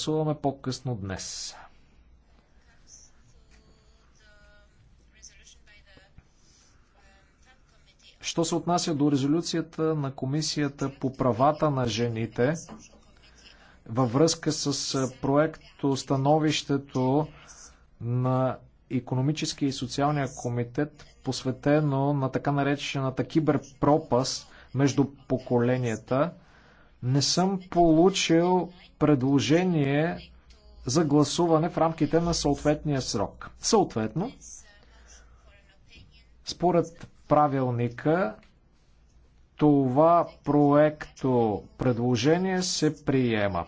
гласуваме по-късно днес. Що се отнася до резолюцията на Комисията по правата на жените във връзка с проекто становището на економическия и социалния комитет, посветено на така наречената киберпропаст между поколенията – не съм получил предложение за гласуване в рамките на съответния срок. Съответно, според правилника, това проекто предложение се приема.